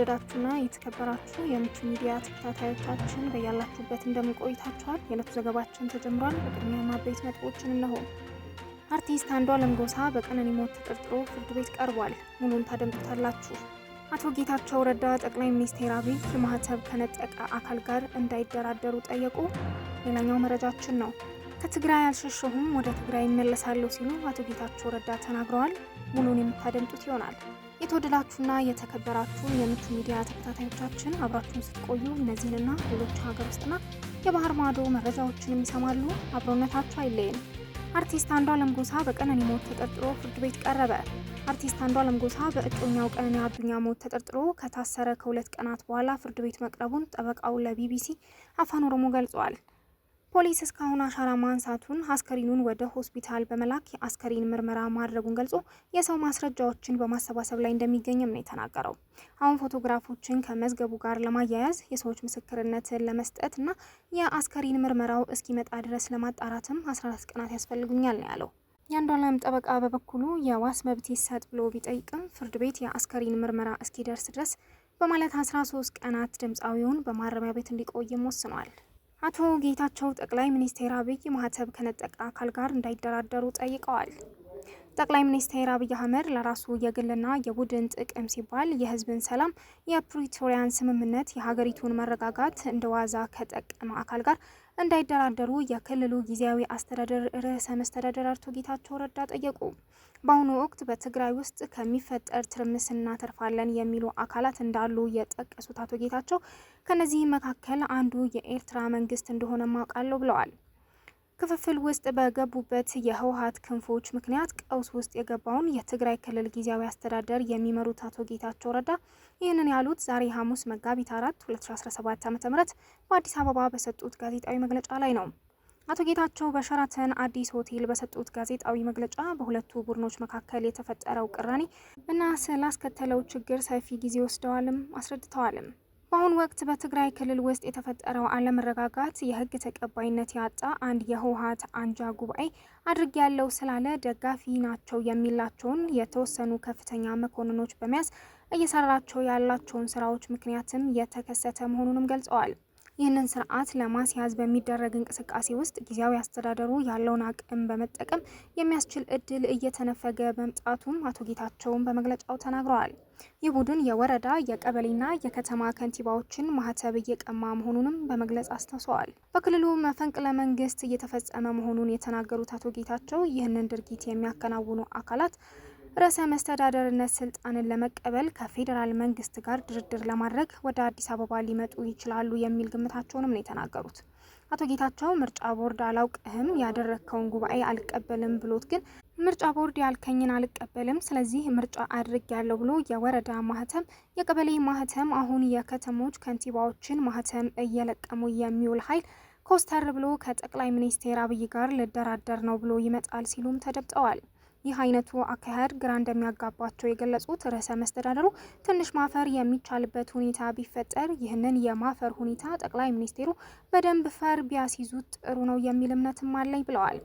የተወደዳችሁና የተከበራችሁ የምቹ ሚዲያ ተከታታዮቻችን በያላችሁበት እንደምንቆይታችኋል። የዕለቱ ዘገባችን ተጀምሯል። በቅድሚያ ማበይት ነጥቦችን እነሆ። አርቲስት አንዷለም ጎሳ በቀነኒ ሞት ተጠርጥሮ ፍርድ ቤት ቀርቧል። ሙሉን ታደምጡታላችሁ። አቶ ጌታቸው ረዳ ጠቅላይ ሚኒስትር አብይ ማህተብ ከነጠቀ አካል ጋር እንዳይደራደሩ ጠየቁ። ሌላኛው መረጃችን ነው። ከትግራይ አልሸሸሁም ወደ ትግራይ ይመለሳለሁ ሲሉ አቶ ጌታቸው ረዳ ተናግረዋል። ሙሉን የምታደምጡት ይሆናል። የተወደዳችሁና የተከበራችሁ የምቹ ሚዲያ ተከታታዮቻችን አብራችሁን ስትቆዩ እነዚህንና ሌሎች ሀገር ውስጥና የባህር ማዶ መረጃዎችን የሚሰማሉ። አብሮነታችሁ አይለይም። አርቲስት አንዷለም ጎሳ በቀነኒ ሞት ተጠርጥሮ ፍርድ ቤት ቀረበ። አርቲስት አንዷለም ጎሳ በእጮኛው ቀነኒ አዱኛ ሞት ተጠርጥሮ ከታሰረ ከሁለት ቀናት በኋላ ፍርድ ቤት መቅረቡን ጠበቃው ለቢቢሲ አፋን ኦሮሞ ገልጿል። ፖሊስ እስካሁን አሻራ ማንሳቱን፣ አስከሬኑን ወደ ሆስፒታል በመላክ የአስከሬን ምርመራ ማድረጉን ገልጾ የሰው ማስረጃዎችን በማሰባሰብ ላይ እንደሚገኝም ነው የተናገረው። አሁን ፎቶግራፎችን ከመዝገቡ ጋር ለማያያዝ የሰዎች ምስክርነትን ለመስጠት እና የአስከሬን ምርመራው እስኪመጣ ድረስ ለማጣራትም 14 ቀናት ያስፈልጉኛል ነው ያለው። የአንዷለም ጠበቃ በበኩሉ የዋስ መብት ይሰጥ ብሎ ቢጠይቅም ፍርድ ቤት የአስከሬን ምርመራ እስኪደርስ ድረስ በማለት 13 ቀናት ድምፃዊውን በማረሚያ ቤት እንዲቆይም ወስኗል። አቶ ጌታቸው ጠቅላይ ሚኒስትር አብይ ማህተብ ከነጠቀ አካል ጋር እንዳይደራደሩ ጠይቀዋል። ጠቅላይ ሚኒስትር አብይ አህመድ ለራሱ የግልና የቡድን ጥቅም ሲባል የህዝብን ሰላም፣ የፕሪቶሪያን ስምምነት፣ የሀገሪቱን መረጋጋት እንደዋዛ ከጠቀመ አካል ጋር እንዳይደራደሩ የክልሉ ጊዜያዊ አስተዳደር ርዕሰ መስተዳደር አቶ ጌታቸው ረዳ ጠየቁ። በአሁኑ ወቅት በትግራይ ውስጥ ከሚፈጠር ትርምስ እናተርፋለን የሚሉ አካላት እንዳሉ የጠቀሱት አቶ ጌታቸው ከነዚህ መካከል አንዱ የኤርትራ መንግስት እንደሆነ ማውቃለሁ ብለዋል። ክፍፍል ውስጥ በገቡበት የህወሀት ክንፎች ምክንያት ቀውስ ውስጥ የገባውን የትግራይ ክልል ጊዜያዊ አስተዳደር የሚመሩት አቶ ጌታቸው ረዳ ይህንን ያሉት ዛሬ ሐሙስ መጋቢት አራት 2017 ዓ ም በአዲስ አበባ በሰጡት ጋዜጣዊ መግለጫ ላይ ነው። አቶ ጌታቸው በሸራተን አዲስ ሆቴል በሰጡት ጋዜጣዊ መግለጫ በሁለቱ ቡድኖች መካከል የተፈጠረው ቅራኔ እና ስላስከተለው ችግር ሰፊ ጊዜ ወስደዋልም አስረድተዋልም። በአሁኑ ወቅት በትግራይ ክልል ውስጥ የተፈጠረው አለመረጋጋት የህግ ተቀባይነት ያጣ አንድ የህወሀት አንጃ ጉባኤ አድርግ ያለው ስላለ ደጋፊ ናቸው የሚላቸውን የተወሰኑ ከፍተኛ መኮንኖች በመያዝ እየሰራቸው ያላቸውን ስራዎች ምክንያትም የተከሰተ መሆኑንም ገልጸዋል። ይህንን ስርዓት ለማስያዝ በሚደረግ እንቅስቃሴ ውስጥ ጊዜያዊ አስተዳደሩ ያለውን አቅም በመጠቀም የሚያስችል እድል እየተነፈገ መምጣቱም አቶ ጌታቸውን በመግለጫው ተናግረዋል። ይህ ቡድን የወረዳ የቀበሌና የከተማ ከንቲባዎችን ማህተብ እየቀማ መሆኑንም በመግለጽ አስታውሰዋል። በክልሉ መፈንቅለ መንግስት እየተፈጸመ መሆኑን የተናገሩት አቶ ጌታቸው ይህንን ድርጊት የሚያከናውኑ አካላት ርዕሰ መስተዳደርነት ስልጣንን ለመቀበል ከፌዴራል መንግስት ጋር ድርድር ለማድረግ ወደ አዲስ አበባ ሊመጡ ይችላሉ የሚል ግምታቸውንም ነው የተናገሩት። አቶ ጌታቸው ምርጫ ቦርድ አላውቅህም ያደረግከውን ጉባኤ አልቀበልም ብሎት ግን ምርጫ ቦርድ ያልከኝን አልቀበልም፣ ስለዚህ ምርጫ አድርግ ያለው ብሎ የወረዳ ማህተም፣ የቀበሌ ማህተም፣ አሁን የከተሞች ከንቲባዎችን ማህተም እየለቀሙ የሚውል ኃይል ኮስተር ብሎ ከጠቅላይ ሚኒስቴር አብይ ጋር ልደራደር ነው ብሎ ይመጣል ሲሉም ተደብጠዋል። ይህ አይነቱ አካሄድ ግራ እንደሚያጋባቸው የገለጹት ርዕሰ መስተዳደሩ ትንሽ ማፈር የሚቻልበት ሁኔታ ቢፈጠር ይህንን የማፈር ሁኔታ ጠቅላይ ሚኒስትሩ በደንብ ፈር ቢያስይዙት ጥሩ ነው የሚል እምነትም አለኝ ብለዋል።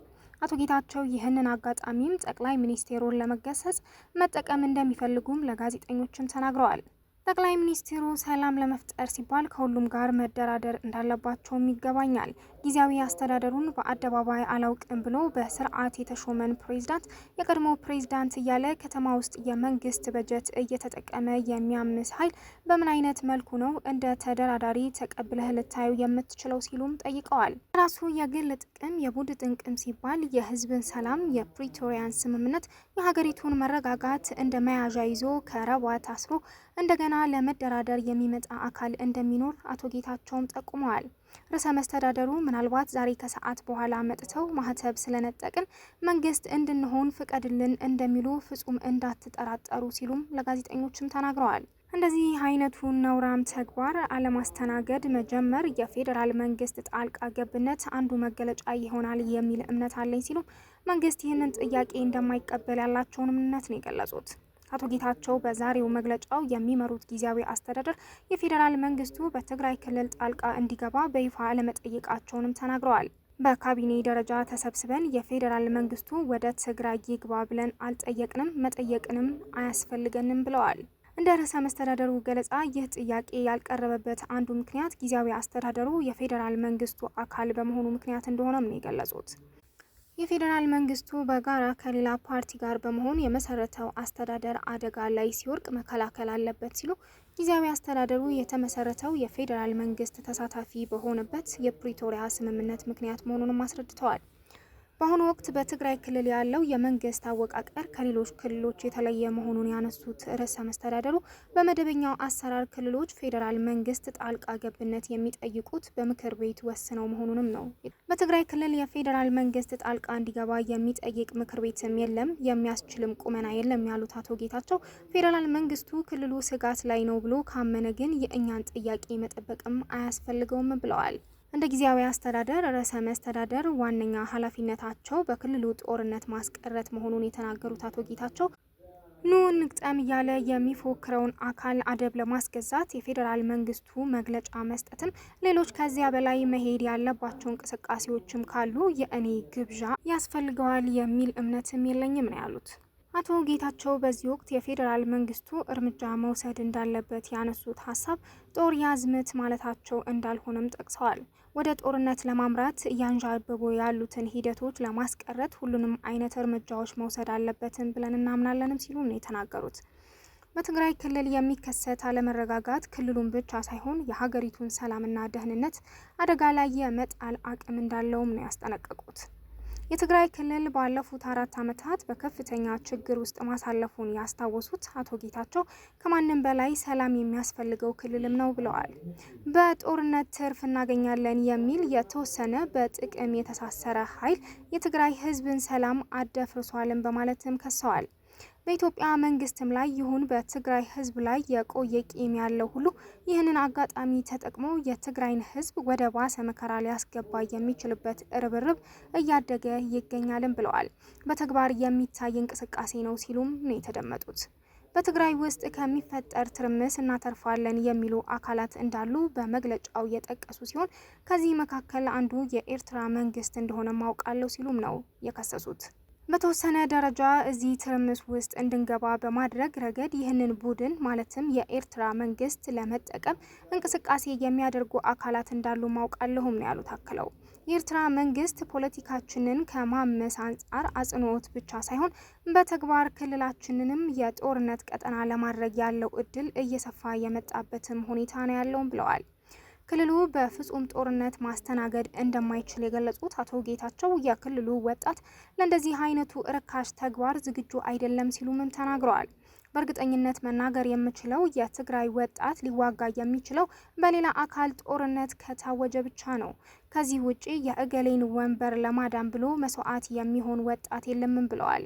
አቶ ጌታቸው ይህንን አጋጣሚም ጠቅላይ ሚኒስትሩን ለመገሰጽ መጠቀም እንደሚፈልጉም ለጋዜጠኞችም ተናግረዋል። ጠቅላይ ሚኒስትሩ ሰላም ለመፍጠር ሲባል ከሁሉም ጋር መደራደር እንዳለባቸውም ይገባኛል። ጊዜያዊ አስተዳደሩን በአደባባይ አላውቅም ብሎ በስርዓት የተሾመን ፕሬዝዳንት የቀድሞ ፕሬዝዳንት እያለ ከተማ ውስጥ የመንግስት በጀት እየተጠቀመ የሚያምስ ኃይል በምን አይነት መልኩ ነው እንደ ተደራዳሪ ተቀብለህ ልታዩ የምትችለው ሲሉም ጠይቀዋል። ራሱ የግል ጥቅም የቡድ ጥንቅም ሲባል የህዝብን ሰላም፣ የፕሪቶሪያን ስምምነት፣ የሀገሪቱን መረጋጋት እንደ መያዣ ይዞ ከረባ ታስሮ እንደገና ለመደራደር የሚመጣ አካል እንደሚኖር አቶ ጌታቸውም ጠቁመዋል። ርዕሰ መስተዳደሩ ምናልባት ዛሬ ከሰዓት በኋላ መጥተው ማህተብ ስለነጠቅን መንግስት እንድንሆን ፍቀድልን እንደሚሉ ፍጹም እንዳትጠራጠሩ ሲሉም ለጋዜጠኞችም ተናግረዋል። እንደዚህ አይነቱ ነውራም ተግባር አለማስተናገድ መጀመር የፌዴራል መንግስት ጣልቃ ገብነት አንዱ መገለጫ ይሆናል የሚል እምነት አለኝ ሲሉም መንግስት ይህንን ጥያቄ እንደማይቀበል ያላቸውን እምነት ነው የገለጹት። አቶ ጌታቸው በዛሬው መግለጫው የሚመሩት ጊዜያዊ አስተዳደር የፌዴራል መንግስቱ በትግራይ ክልል ጣልቃ እንዲገባ በይፋ አለመጠየቃቸውንም ተናግረዋል። በካቢኔ ደረጃ ተሰብስበን የፌዴራል መንግስቱ ወደ ትግራይ ይግባ ብለን አልጠየቅንም፣ መጠየቅንም አያስፈልገንም ብለዋል። እንደ ርዕሰ መስተዳደሩ ገለጻ ይህ ጥያቄ ያልቀረበበት አንዱ ምክንያት ጊዜያዊ አስተዳደሩ የፌዴራል መንግስቱ አካል በመሆኑ ምክንያት እንደሆነም ነው የገለጹት። የፌዴራል መንግስቱ በጋራ ከሌላ ፓርቲ ጋር በመሆን የመሰረተው አስተዳደር አደጋ ላይ ሲወርቅ መከላከል አለበት ሲሉ ጊዜያዊ አስተዳደሩ የተመሰረተው የፌዴራል መንግስት ተሳታፊ በሆነበት የፕሪቶሪያ ስምምነት ምክንያት መሆኑንም አስረድተዋል። በአሁኑ ወቅት በትግራይ ክልል ያለው የመንግስት አወቃቀር ከሌሎች ክልሎች የተለየ መሆኑን ያነሱት ርዕሰ መስተዳደሩ በመደበኛው አሰራር ክልሎች ፌዴራል መንግስት ጣልቃ ገብነት የሚጠይቁት በምክር ቤት ወስነው መሆኑንም ነው። በትግራይ ክልል የፌዴራል መንግስት ጣልቃ እንዲገባ የሚጠይቅ ምክር ቤትም የለም፣ የሚያስችልም ቁመና የለም ያሉት አቶ ጌታቸው ፌዴራል መንግስቱ ክልሉ ስጋት ላይ ነው ብሎ ካመነ ግን የእኛን ጥያቄ መጠበቅም አያስፈልገውም ብለዋል። እንደ ጊዜያዊ አስተዳደር ርዕሰ መስተዳደር ዋነኛ ኃላፊነታቸው በክልሉ ጦርነት ማስቀረት መሆኑን የተናገሩት አቶ ጌታቸው ኑ እንግጠም እያለ የሚፎክረውን አካል አደብ ለማስገዛት የፌዴራል መንግስቱ መግለጫ መስጠትም ሌሎች ከዚያ በላይ መሄድ ያለባቸው እንቅስቃሴዎችም ካሉ የእኔ ግብዣ ያስፈልገዋል የሚል እምነትም የለኝም ነው ያሉት። አቶ ጌታቸው በዚህ ወቅት የፌዴራል መንግስቱ እርምጃ መውሰድ እንዳለበት ያነሱት ሀሳብ ጦር ያዝምት ማለታቸው እንዳልሆነም ጠቅሰዋል። ወደ ጦርነት ለማምራት እያንዣበቡ ያሉትን ሂደቶች ለማስቀረት ሁሉንም አይነት እርምጃዎች መውሰድ አለበትም ብለን እናምናለንም ሲሉ ነው የተናገሩት። በትግራይ ክልል የሚከሰት አለመረጋጋት ክልሉን ብቻ ሳይሆን የሀገሪቱን ሰላምና ደህንነት አደጋ ላይ የመጣል አቅም እንዳለውም ነው ያስጠነቀቁት። የትግራይ ክልል ባለፉት አራት ዓመታት በከፍተኛ ችግር ውስጥ ማሳለፉን ያስታወሱት አቶ ጌታቸው ከማንም በላይ ሰላም የሚያስፈልገው ክልልም ነው ብለዋል። በጦርነት ትርፍ እናገኛለን የሚል የተወሰነ በጥቅም የተሳሰረ ኃይል የትግራይ ሕዝብን ሰላም አደፍርሷልም በማለትም ከሰዋል። በኢትዮጵያ መንግስትም ላይ ይሁን በትግራይ ህዝብ ላይ የቆየ ቂም ያለው ሁሉ ይህንን አጋጣሚ ተጠቅሞ የትግራይን ህዝብ ወደ ባሰ መከራ ሊያስገባ የሚችልበት ርብርብ እያደገ ይገኛልም ብለዋል። በተግባር የሚታይ እንቅስቃሴ ነው ሲሉም ነው የተደመጡት። በትግራይ ውስጥ ከሚፈጠር ትርምስ እናተርፋለን የሚሉ አካላት እንዳሉ በመግለጫው የጠቀሱ ሲሆን ከዚህ መካከል አንዱ የኤርትራ መንግስት እንደሆነ ማውቃለሁ ሲሉም ነው የከሰሱት። በተወሰነ ደረጃ እዚህ ትርምስ ውስጥ እንድንገባ በማድረግ ረገድ ይህንን ቡድን ማለትም የኤርትራ መንግስት ለመጠቀም እንቅስቃሴ የሚያደርጉ አካላት እንዳሉ ማውቃለሁም ነው ያሉት። አክለው የኤርትራ መንግስት ፖለቲካችንን ከማመስ አንጻር አጽንኦት ብቻ ሳይሆን በተግባር ክልላችንንም የጦርነት ቀጠና ለማድረግ ያለው እድል እየሰፋ የመጣበትም ሁኔታ ነው ያለውም ብለዋል። ክልሉ በፍጹም ጦርነት ማስተናገድ እንደማይችል የገለጹት አቶ ጌታቸው የክልሉ ወጣት ለእንደዚህ አይነቱ ርካሽ ተግባር ዝግጁ አይደለም ሲሉምም ተናግረዋል። በእርግጠኝነት መናገር የምችለው የትግራይ ወጣት ሊዋጋ የሚችለው በሌላ አካል ጦርነት ከታወጀ ብቻ ነው። ከዚህ ውጪ የእገሌን ወንበር ለማዳን ብሎ መስዋዕት የሚሆን ወጣት የለምም ብለዋል።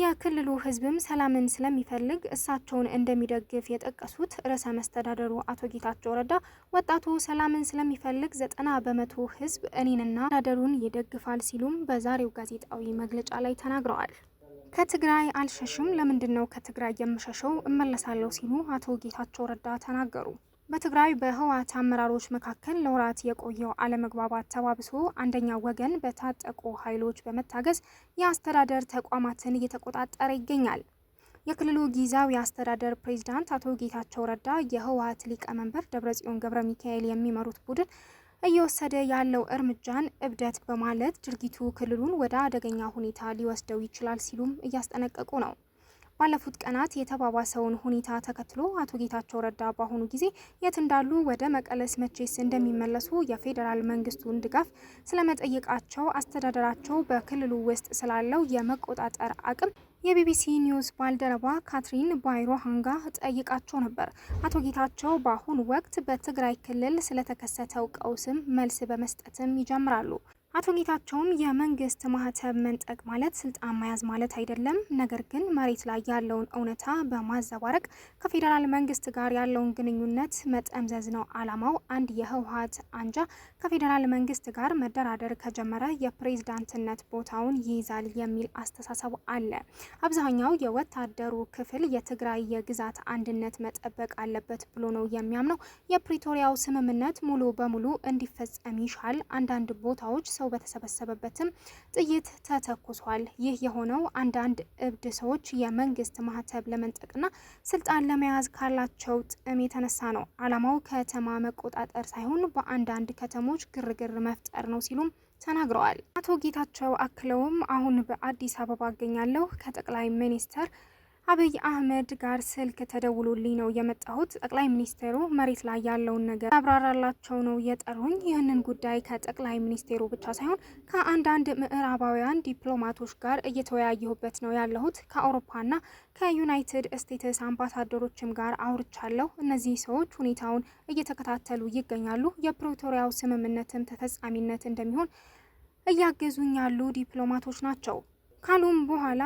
የክልሉ ህዝብም ሰላምን ስለሚፈልግ እሳቸውን እንደሚደግፍ የጠቀሱት ርዕሰ መስተዳደሩ አቶ ጌታቸው ረዳ ወጣቱ ሰላምን ስለሚፈልግ ዘጠና በመቶ ህዝብ እኔንና አስተዳደሩን ይደግፋል ሲሉም በዛሬው ጋዜጣዊ መግለጫ ላይ ተናግረዋል። ከትግራይ አልሸሽም፣ ለምንድን ነው ከትግራይ የምሸሸው? እመለሳለሁ ሲሉ አቶ ጌታቸው ረዳ ተናገሩ። በትግራይ በህወሓት አመራሮች መካከል ለወራት የቆየው አለመግባባት ተባብሶ አንደኛ ወገን በታጠቁ ኃይሎች በመታገዝ የአስተዳደር ተቋማትን እየተቆጣጠረ ይገኛል። የክልሉ ጊዜያዊ አስተዳደር ፕሬዚዳንት አቶ ጌታቸው ረዳ የህወሓት ሊቀመንበር ደብረጽዮን ገብረ ሚካኤል የሚመሩት ቡድን እየወሰደ ያለው እርምጃን እብደት በማለት ድርጊቱ ክልሉን ወደ አደገኛ ሁኔታ ሊወስደው ይችላል ሲሉም እያስጠነቀቁ ነው። ባለፉት ቀናት የተባባሰውን ሁኔታ ተከትሎ አቶ ጌታቸው ረዳ በአሁኑ ጊዜ የት እንዳሉ ወደ መቀለስ መቼስ እንደሚመለሱ የፌዴራል መንግስቱን ድጋፍ ስለመጠየቃቸው አስተዳደራቸው በክልሉ ውስጥ ስላለው የመቆጣጠር አቅም የቢቢሲ ኒውስ ባልደረባ ካትሪን ባይሮ ሃንጋ ጠይቃቸው ነበር። አቶ ጌታቸው በአሁኑ ወቅት በትግራይ ክልል ስለተከሰተው ቀውስም መልስ በመስጠትም ይጀምራሉ። አቶ ጌታቸውም የመንግስት ማህተብ መንጠቅ ማለት ስልጣን መያዝ ማለት አይደለም፣ ነገር ግን መሬት ላይ ያለውን እውነታ በማዘባረቅ ከፌዴራል መንግስት ጋር ያለውን ግንኙነት መጠምዘዝ ነው ዓላማው። አንድ የህወሀት አንጃ ከፌዴራል መንግስት ጋር መደራደር ከጀመረ የፕሬዝዳንትነት ቦታውን ይይዛል የሚል አስተሳሰብ አለ። አብዛኛው የወታደሩ ክፍል የትግራይ የግዛት አንድነት መጠበቅ አለበት ብሎ ነው የሚያምነው። የፕሪቶሪያው ስምምነት ሙሉ በሙሉ እንዲፈጸም ይሻል። አንዳንድ ቦታዎች ሰው ሰው በተሰበሰበበትም ጥይት ተተኩሷል። ይህ የሆነው አንዳንድ እብድ ሰዎች የመንግስት ማህተብ ለመንጠቅና ስልጣን ለመያዝ ካላቸው ጥም የተነሳ ነው። ዓላማው ከተማ መቆጣጠር ሳይሆን በአንዳንድ ከተሞች ግርግር መፍጠር ነው ሲሉም ተናግረዋል። አቶ ጌታቸው አክለውም አሁን በአዲስ አበባ አገኛለሁ። ከጠቅላይ ሚኒስተር አብይ አህመድ ጋር ስልክ ተደውሎልኝ ነው የመጣሁት። ጠቅላይ ሚኒስቴሩ መሬት ላይ ያለውን ነገር አብራራላቸው ነው የጠሩኝ። ይህንን ጉዳይ ከጠቅላይ ሚኒስቴሩ ብቻ ሳይሆን ከአንዳንድ ምዕራባውያን ዲፕሎማቶች ጋር እየተወያየሁበት ነው ያለሁት። ከአውሮፓና ከዩናይትድ ስቴትስ አምባሳደሮችም ጋር አውርቻለሁ። እነዚህ ሰዎች ሁኔታውን እየተከታተሉ ይገኛሉ። የፕሪቶሪያው ስምምነትም ተፈጻሚነት እንደሚሆን እያገዙኝ ያሉ ዲፕሎማቶች ናቸው። ካሉም በኋላ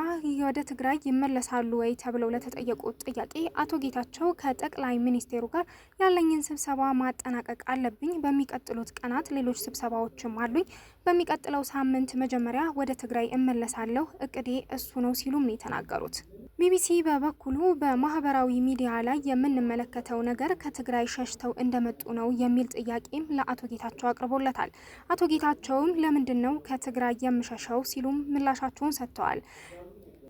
ወደ ትግራይ ይመለሳሉ ወይ ተብለው ለተጠየቁት ጥያቄ አቶ ጌታቸው ከጠቅላይ ሚኒስቴሩ ጋር ያለኝን ስብሰባ ማጠናቀቅ አለብኝ። በሚቀጥሉት ቀናት ሌሎች ስብሰባዎችም አሉኝ። በሚቀጥለው ሳምንት መጀመሪያ ወደ ትግራይ እመለሳለሁ። እቅዴ እሱ ነው ሲሉም ነው የተናገሩት። ቢቢሲ በበኩሉ በማህበራዊ ሚዲያ ላይ የምንመለከተው ነገር ከትግራይ ሸሽተው እንደመጡ ነው የሚል ጥያቄም ለአቶ ጌታቸው አቅርቦለታል። አቶ ጌታቸውም ለምንድን ነው ከትግራይ የምሸሸው ሲሉም ምላሻቸውን ሰጥተዋል።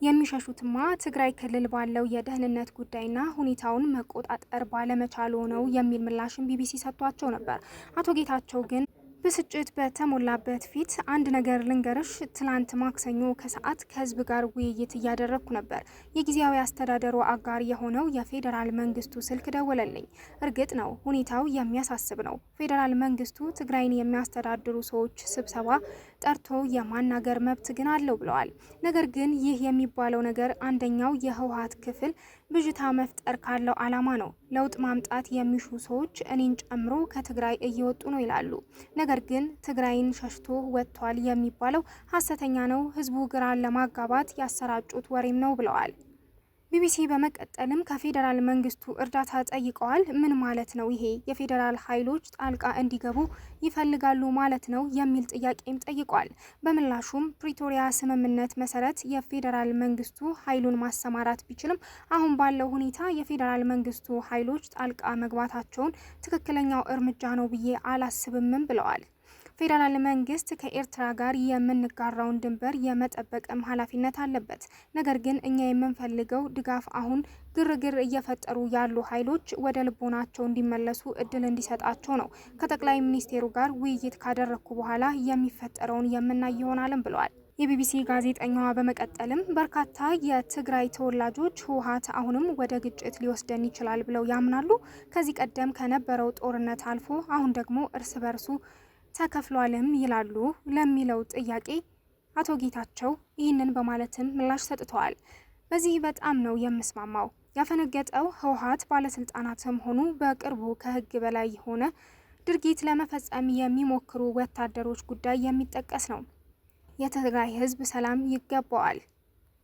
የሚሸሹትማ ትግራይ ክልል ባለው የደህንነት ጉዳይና ሁኔታውን መቆጣጠር ባለመቻሉ ነው የሚል ምላሽም ቢቢሲ ሰጥቷቸው ነበር። አቶ ጌታቸው ግን ብስጭት በተሞላበት ፊት አንድ ነገር ልንገርሽ፣ ትላንት ማክሰኞ ከሰዓት ከህዝብ ጋር ውይይት እያደረግኩ ነበር። የጊዜያዊ አስተዳደሩ አጋር የሆነው የፌዴራል መንግስቱ ስልክ ደወለልኝ። እርግጥ ነው ሁኔታው የሚያሳስብ ነው። ፌዴራል መንግስቱ ትግራይን የሚያስተዳድሩ ሰዎች ስብሰባ ጠርቶ የማናገር መብት ግን አለው ብለዋል። ነገር ግን ይህ የሚባለው ነገር አንደኛው የህወሀት ክፍል ብዥታ መፍጠር ካለው ዓላማ ነው። ለውጥ ማምጣት የሚሹ ሰዎች እኔን ጨምሮ ከትግራይ እየወጡ ነው ይላሉ። ነገር ግን ትግራይን ሸሽቶ ወጥቷል የሚባለው ሀሰተኛ ነው፣ ህዝቡ ግራን ለማጋባት ያሰራጩት ወሬም ነው ብለዋል። ቢቢሲ በመቀጠልም ከፌዴራል መንግስቱ እርዳታ ጠይቀዋል። ምን ማለት ነው ይሄ? የፌዴራል ኃይሎች ጣልቃ እንዲገቡ ይፈልጋሉ ማለት ነው የሚል ጥያቄም ጠይቋል። በምላሹም ፕሪቶሪያ ስምምነት መሰረት የፌዴራል መንግስቱ ኃይሉን ማሰማራት ቢችልም አሁን ባለው ሁኔታ የፌዴራል መንግስቱ ኃይሎች ጣልቃ መግባታቸውን ትክክለኛው እርምጃ ነው ብዬ አላስብምም ብለዋል። ፌዴራል መንግስት ከኤርትራ ጋር የምንጋራውን ድንበር የመጠበቅም ኃላፊነት አለበት። ነገር ግን እኛ የምንፈልገው ድጋፍ አሁን ግርግር እየፈጠሩ ያሉ ኃይሎች ወደ ልቦናቸው እንዲመለሱ እድል እንዲሰጣቸው ነው። ከጠቅላይ ሚኒስቴሩ ጋር ውይይት ካደረግኩ በኋላ የሚፈጠረውን የምናይ ይሆናልም ብለዋል። የቢቢሲ ጋዜጠኛዋ በመቀጠልም በርካታ የትግራይ ተወላጆች ህወሓት አሁንም ወደ ግጭት ሊወስደን ይችላል ብለው ያምናሉ። ከዚህ ቀደም ከነበረው ጦርነት አልፎ አሁን ደግሞ እርስ በርሱ ተከፍሏልም ይላሉ ለሚለው ጥያቄ አቶ ጌታቸው ይህንን በማለትም ምላሽ ሰጥተዋል። በዚህ በጣም ነው የምስማማው። ያፈነገጠው ህወሓት ባለስልጣናትም ሆኑ በቅርቡ ከህግ በላይ የሆነ ድርጊት ለመፈጸም የሚሞክሩ ወታደሮች ጉዳይ የሚጠቀስ ነው። የትግራይ ህዝብ ሰላም ይገባዋል።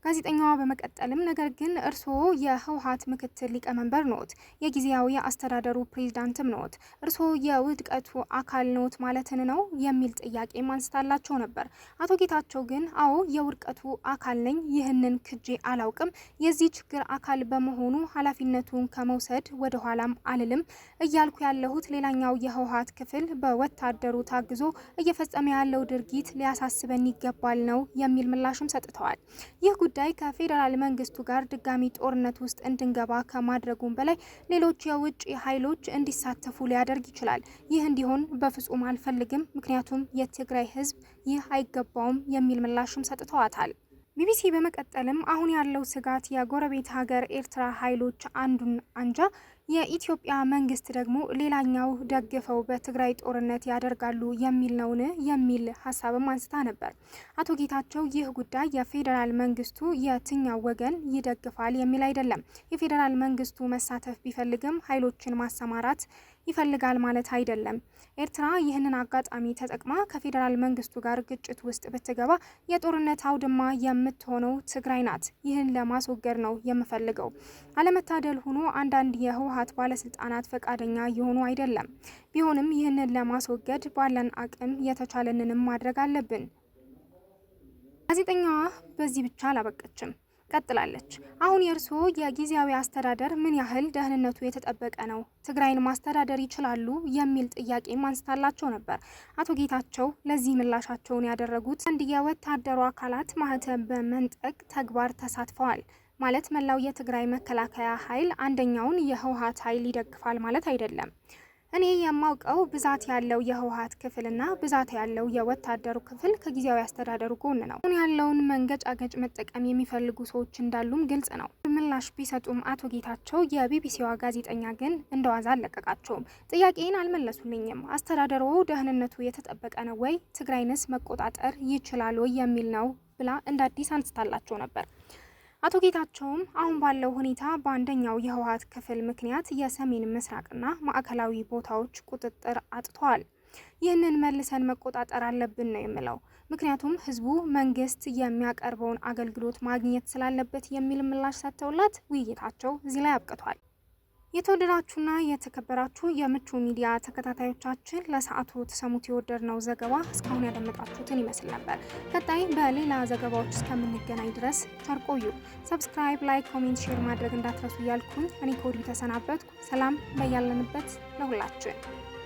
ጋዜጠኛዋ በመቀጠልም ነገር ግን እርስዎ የህወሀት ምክትል ሊቀመንበር ኖት፣ የጊዜያዊ አስተዳደሩ ፕሬዚዳንትም ኖት፣ እርስዎ የውድቀቱ አካል ኖት ማለትን ነው የሚል ጥያቄ ማንስታላቸው ነበር። አቶ ጌታቸው ግን አዎ የውድቀቱ አካል ነኝ፣ ይህንን ክጄ አላውቅም፣ የዚህ ችግር አካል በመሆኑ ኃላፊነቱን ከመውሰድ ወደኋላም አልልም እያልኩ ያለሁት ሌላኛው የህወሀት ክፍል በወታደሩ ታግዞ እየፈጸመ ያለው ድርጊት ሊያሳስበን ይገባል ነው የሚል ምላሽም ሰጥተዋል። ይህ ጉዳይ ከፌዴራል መንግስቱ ጋር ድጋሚ ጦርነት ውስጥ እንድንገባ ከማድረጉም በላይ ሌሎች የውጭ ኃይሎች እንዲሳተፉ ሊያደርግ ይችላል። ይህ እንዲሆን በፍጹም አልፈልግም፣ ምክንያቱም የትግራይ ህዝብ ይህ አይገባውም የሚል ምላሽም ሰጥተዋታል። ቢቢሲ በመቀጠልም አሁን ያለው ስጋት የጎረቤት ሀገር ኤርትራ ኃይሎች አንዱን አንጃ የኢትዮጵያ መንግስት ደግሞ ሌላኛው ደግፈው በትግራይ ጦርነት ያደርጋሉ የሚል ነውን የሚል ሀሳብም አንስታ ነበር። አቶ ጌታቸው ይህ ጉዳይ የፌዴራል መንግስቱ የትኛው ወገን ይደግፋል የሚል አይደለም። የፌዴራል መንግስቱ መሳተፍ ቢፈልግም ኃይሎችን ማሰማራት ይፈልጋል ማለት አይደለም። ኤርትራ ይህንን አጋጣሚ ተጠቅማ ከፌዴራል መንግስቱ ጋር ግጭት ውስጥ ብትገባ የጦርነት አውድማ የምትሆነው ትግራይ ናት። ይህን ለማስወገድ ነው የምፈልገው። አለመታደል ሆኖ አንዳንድ የህወሀት ባለስልጣናት ፈቃደኛ የሆኑ አይደለም። ቢሆንም ይህንን ለማስወገድ ባለን አቅም የተቻለንንም ማድረግ አለብን። ጋዜጠኛዋ በዚህ ብቻ አላበቀችም። ቀጥላለች። አሁን የእርስዎ የጊዜያዊ አስተዳደር ምን ያህል ደህንነቱ የተጠበቀ ነው? ትግራይን ማስተዳደር ይችላሉ? የሚል ጥያቄ አንስታላቸው ነበር። አቶ ጌታቸው ለዚህ ምላሻቸውን ያደረጉት አንድ የወታደሩ አካላት ማህተም በመንጠቅ ተግባር ተሳትፈዋል ማለት መላው የትግራይ መከላከያ ኃይል አንደኛውን የህወሀት ኃይል ይደግፋል ማለት አይደለም። እኔ የማውቀው ብዛት ያለው የህወሀት ክፍልና ብዛት ያለው የወታደሩ ክፍል ከጊዜያዊ አስተዳደሩ ጎን ነው። አሁን ያለውን መንገጫገጭ መጠቀም የሚፈልጉ ሰዎች እንዳሉም ግልጽ ነው። ምላሽ ቢሰጡም አቶ ጌታቸው የቢቢሲዋ ጋዜጠኛ ግን እንደዋዛ አለቀቃቸውም። ጥያቄን አልመለሱልኝም። አስተዳደሩ ደህንነቱ የተጠበቀ ነው ወይ፣ ትግራይንስ መቆጣጠር ይችላሉ የሚል ነው ብላ እንደ አዲስ አንስታላቸው ነበር። አቶ ጌታቸውም አሁን ባለው ሁኔታ በአንደኛው የህወሀት ክፍል ምክንያት የሰሜን ምስራቅና ማዕከላዊ ቦታዎች ቁጥጥር አጥተዋል። ይህንን መልሰን መቆጣጠር አለብን ነው የምለው። ምክንያቱም ህዝቡ መንግስት የሚያቀርበውን አገልግሎት ማግኘት ስላለበት የሚል ምላሽ ሰጥተውላት ውይይታቸው እዚህ ላይ አብቅቷል። የተወደዳችሁና የተከበራችሁ የምቹ ሚዲያ ተከታታዮቻችን ለሰዓቱ ተሰሙት የወደድነው ዘገባ እስካሁን ያደመጣችሁትን ይመስል ነበር። ቀጣይ በሌላ ዘገባዎች እስከምንገናኝ ድረስ ቸር ቆዩ። ሰብስክራይብ፣ ላይክ፣ ኮሜንት፣ ሼር ማድረግ እንዳትረሱ እያልኩኝ እኔ ከወዲሁ ተሰናበትኩ። ሰላም በያለንበት ለሁላችን።